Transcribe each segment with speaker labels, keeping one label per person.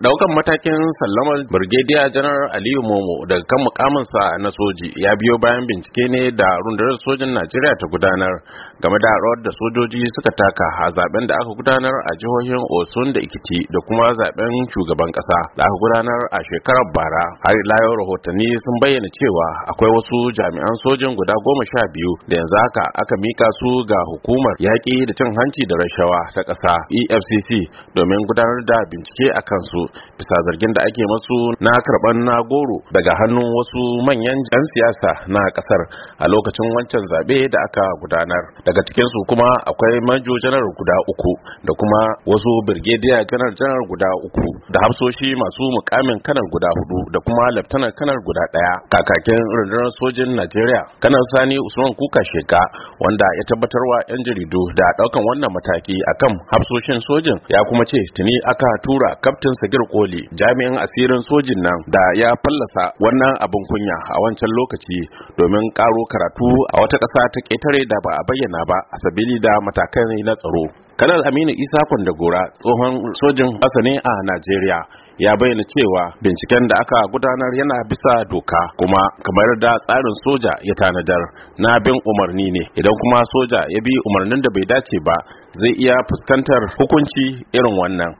Speaker 1: daukan matakin sallamar brigadier general aliyu momo daga kan mukaminsa na soji ya biyo bayan bincike ne da rundunar sojin najeriya ta gudanar game da rawar da sojoji suka taka a zaben da aka gudanar a jihohin osun da ikiti da kuma zaben shugaban kasa da aka gudanar a shekarar bara har layo rahotanni sun bayyana cewa akwai wasu jami'an sojin guda goma sha biyu da yanzu haka aka mika su ga hukumar yaƙi da cin hanci da rashawa ta ƙasa efcc domin gudanar da bincike a kansu bisa zargin da ake masu na karban na goro daga hannun wasu manyan jan siyasa na kasar a lokacin wancan zabe da aka gudanar daga cikinsu kuma akwai manjo janar guda uku da kuma wasu birgediya janar janar guda uku da hafsoshi masu mukamin kanar guda hudu da kuma laftanar kanar guda daya kakakin rundunar sojin najeriya kanar sani usman kuka sheka wanda ya tabbatarwa yan jaridu da daukan wannan mataki akan hafsoshin sojin ya kuma ce tuni aka tura kaftin Sagir Koli jami'in asirin sojin nan da ya fallasa wannan abin kunya a wancan lokaci domin karo karatu a wata ƙasa ta ƙetare da ba a bayyana ba a sabili da matakan na tsaro. Kanal Aminu Isa Kwandagora tsohon sojin ƙasa ne a Najeriya ya bayyana cewa binciken da aka gudanar yana bisa doka kuma kamar da tsarin soja ya tanadar na bin umarni ne idan kuma soja ya bi umarnin da bai dace ba zai iya fuskantar hukunci irin wannan.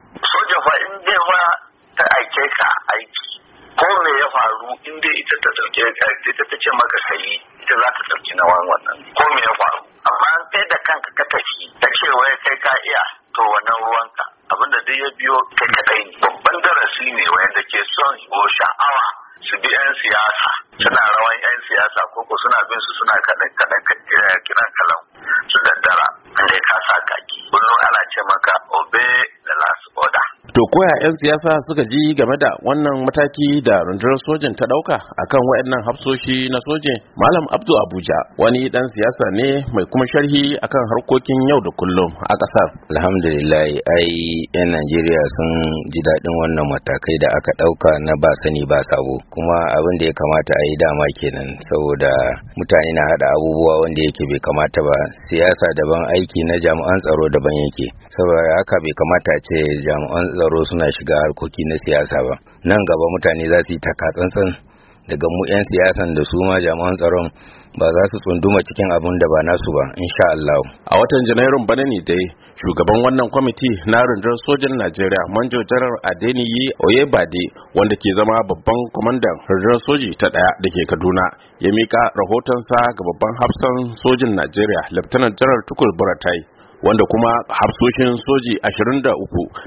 Speaker 2: in dai ita ta ɗauke eh, ita ta ce maka sayi ita za ta na wani wannan ko me ya faru amma an kai da kanka ka tafi ta ce wai kai ka iya to wannan ruwanka abinda duk ya biyo kai kadai ne babban darasi ne wanda ke son ko sha'awa su bi 'yan siyasa suna rawan 'yan siyasa ko ko suna bin su suna kaɗan kaɗan
Speaker 1: To koya 'yan siyasa suka ji game da wannan mataki da rundunar sojin ta dauka akan waɗannan hafsoshi na soje Malam Abdu Abuja wani dan siyasa ne mai kuma sharhi akan harkokin yau
Speaker 2: da kullum a kasar Alhamdulillah ai 'yan Najeriya sun ji daɗin wannan matakai da aka ɗauka na ba sani ba sabo kuma abin da ya kamata a yi dama kenan saboda mutane na haɗa abubuwa wanda yake bai kamata ba siyasa daban aiki na jami'an tsaro daban yake saboda haka bai kamata ce jami'an tsaro suna shiga harkoki na siyasa ba nan gaba mutane za su yi takatsantsan daga mu 'yan siyasan da su ma jami'an tsaron ba za su tsunduma cikin abin da ba nasu ba insha Allah. A watan Janairun
Speaker 1: bana ne dai shugaban wannan kwamiti na rundunar sojan Najeriya Manjo Janar Adeniyi Oyebade wanda ke zama babban kwamandan rundunar soji ta daya da ke Kaduna ya mika rahotonsa ga babban hafsan sojin Najeriya Lieutenant Janar tukul Buratai wanda kuma hafsoshin soji 23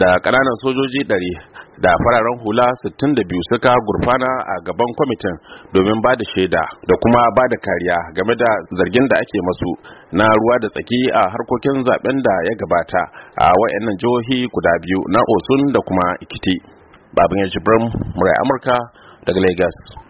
Speaker 1: da ƙananan sojoji 100 da fararen hula 62 suka gurfana a gaban kwamitin domin ba da shaida da kuma ba da kariya game da zargin da ake masu na ruwa da tsaki a harkokin zaben da ya gabata a wayannan jihohi guda biyu na osun da kuma ikiti babin ya murai amurka daga lagos